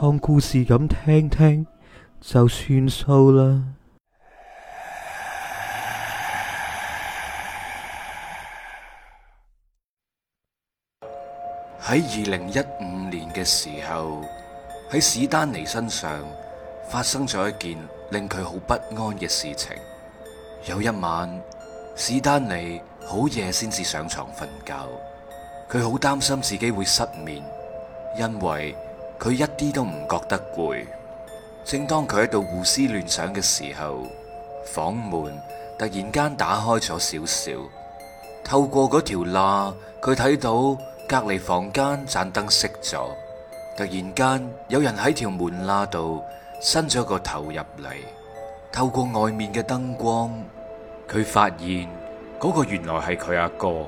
當故事咁聽聽就算數啦。喺二零一五年嘅時候，喺史丹尼身上發生咗一件令佢好不安嘅事情。有一晚，史丹尼好夜先至上床瞓覺，佢好擔心自己會失眠，因為。佢一啲都唔覺得攰。正當佢喺度胡思亂想嘅時候，房門突然間打開咗少少，透過嗰條罅，佢睇到隔籬房間盞燈熄咗。突然間，有人喺條門罅度伸咗個頭入嚟，透過外面嘅燈光，佢發現嗰個原來係佢阿哥。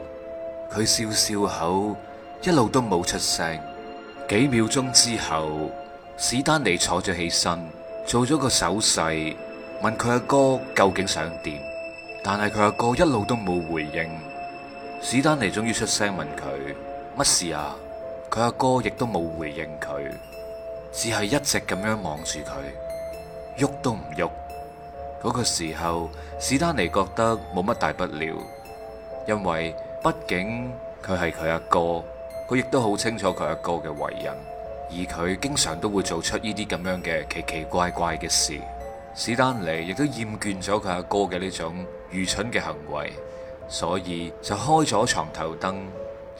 佢笑笑口，一路都冇出聲。幾秒鐘之後，史丹尼坐咗起身，做咗個手勢，問佢阿哥究竟想點？但係佢阿哥一路都冇回應。史丹尼終於出聲問佢乜事啊？佢阿哥亦都冇回應佢，只係一直咁樣望住佢，喐都唔喐。嗰個時候，史丹尼覺得冇乜大不了，因為畢竟佢係佢阿哥。佢亦都好清楚佢阿哥嘅為人，而佢經常都會做出呢啲咁樣嘅奇奇怪怪嘅事。史丹尼亦都厭倦咗佢阿哥嘅呢種愚蠢嘅行為，所以就開咗床頭燈。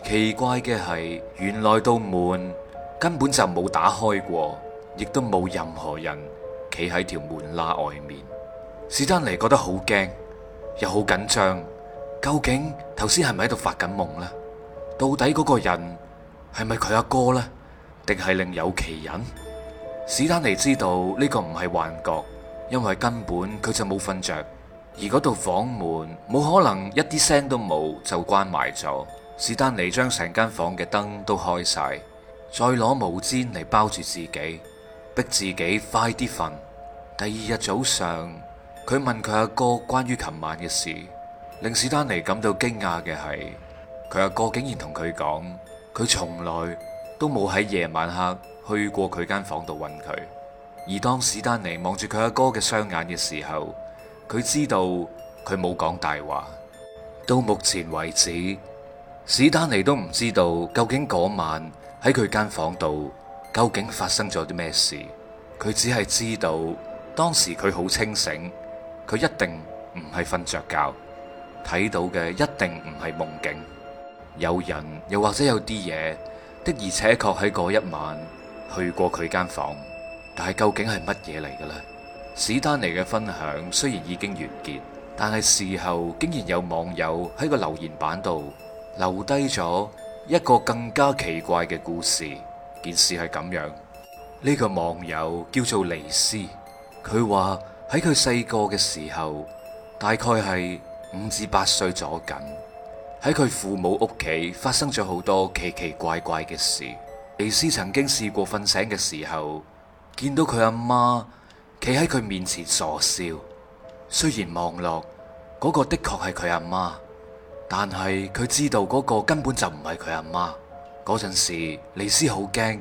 奇怪嘅係，原來道門根本就冇打開過，亦都冇任何人企喺條門罅外面。史丹尼覺得好驚又好緊張，究竟頭先係咪喺度發緊夢呢？到底嗰個人係咪佢阿哥呢？定係另有其人？史丹尼知道呢個唔係幻覺，因為根本佢就冇瞓着，而嗰度房門冇可能一啲聲都冇就關埋咗。史丹尼將成間房嘅燈都開晒，再攞毛氈嚟包住自己，逼自己快啲瞓。第二日早上，佢問佢阿哥關於琴晚嘅事，令史丹尼感到驚訝嘅係。佢阿哥竟然同佢講，佢從來都冇喺夜晚黑去過佢間房度揾佢。而當史丹尼望住佢阿哥嘅雙眼嘅時候，佢知道佢冇講大話。到目前為止，史丹尼都唔知道究竟嗰晚喺佢間房度究竟發生咗啲咩事。佢只係知道當時佢好清醒，佢一定唔係瞓着覺，睇到嘅一定唔係夢境。有人，又或者有啲嘢，的而且確喺嗰一晚去過佢間房，但係究竟係乜嘢嚟嘅咧？史丹尼嘅分享雖然已經完結，但係事後竟然有網友喺個留言板度留低咗一個更加奇怪嘅故事。件事係咁樣，呢個網友叫做尼斯，佢話喺佢細個嘅時候，大概係五至八歲左緊喺佢父母屋企發生咗好多奇奇怪怪嘅事。李斯曾經試過瞓醒嘅時候，見到佢阿媽企喺佢面前傻笑。雖然望落嗰個的確係佢阿媽，但係佢知道嗰個根本就唔係佢阿媽。嗰陣時，李斯好驚，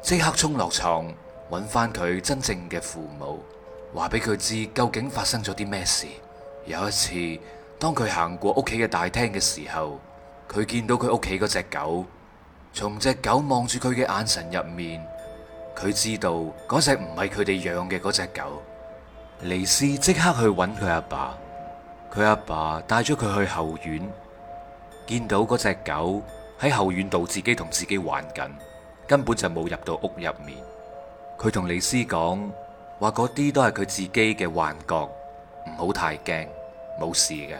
即刻沖落床揾翻佢真正嘅父母，話俾佢知究竟發生咗啲咩事。有一次。當佢行過屋企嘅大廳嘅時候，佢見到佢屋企嗰隻狗，從隻狗望住佢嘅眼神入面，佢知道嗰隻唔係佢哋養嘅嗰隻狗。尼斯即刻去揾佢阿爸，佢阿爸帶咗佢去後院，見到嗰隻狗喺後院度自己同自己玩緊，根本就冇入到屋入面。佢同尼斯講，話嗰啲都係佢自己嘅幻覺，唔好太驚。冇事嘅，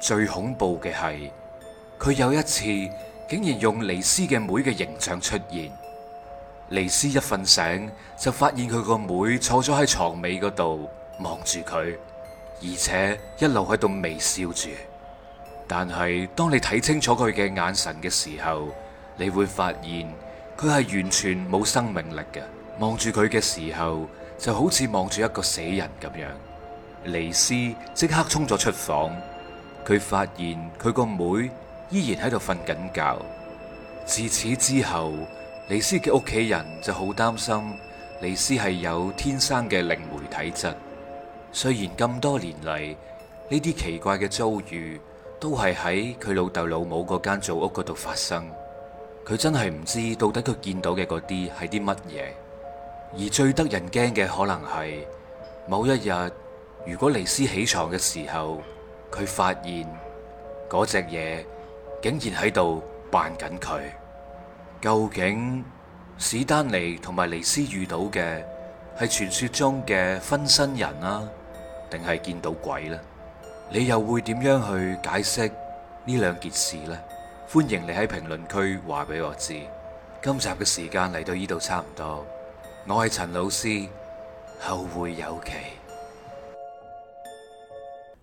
最恐怖嘅係佢有一次竟然用尼斯嘅妹嘅形象出現。尼斯一瞓醒就發現佢個妹坐咗喺床尾度望住佢，而且一路喺度微笑住。但係當你睇清楚佢嘅眼神嘅時候，你會發現佢係完全冇生命力嘅。望住佢嘅時候就好似望住一個死人咁樣。尼斯即刻衝咗出房，佢發現佢個妹妹依然喺度瞓緊覺。自此之後，尼斯嘅屋企人就好擔心尼斯係有天生嘅靈媒體質。雖然咁多年嚟呢啲奇怪嘅遭遇都係喺佢老豆老母嗰間祖屋嗰度發生，佢真係唔知到底佢見到嘅嗰啲係啲乜嘢。而最得人驚嘅可能係某一日。如果尼斯起床嘅時候，佢發現嗰隻嘢竟然喺度扮緊佢，究竟史丹尼同埋尼斯遇到嘅係傳說中嘅分身人啦、啊，定係見到鬼呢？你又會點樣去解釋呢兩件事呢？歡迎你喺評論區話俾我知。今集嘅時間嚟到呢度差唔多，我係陳老師，後會有期。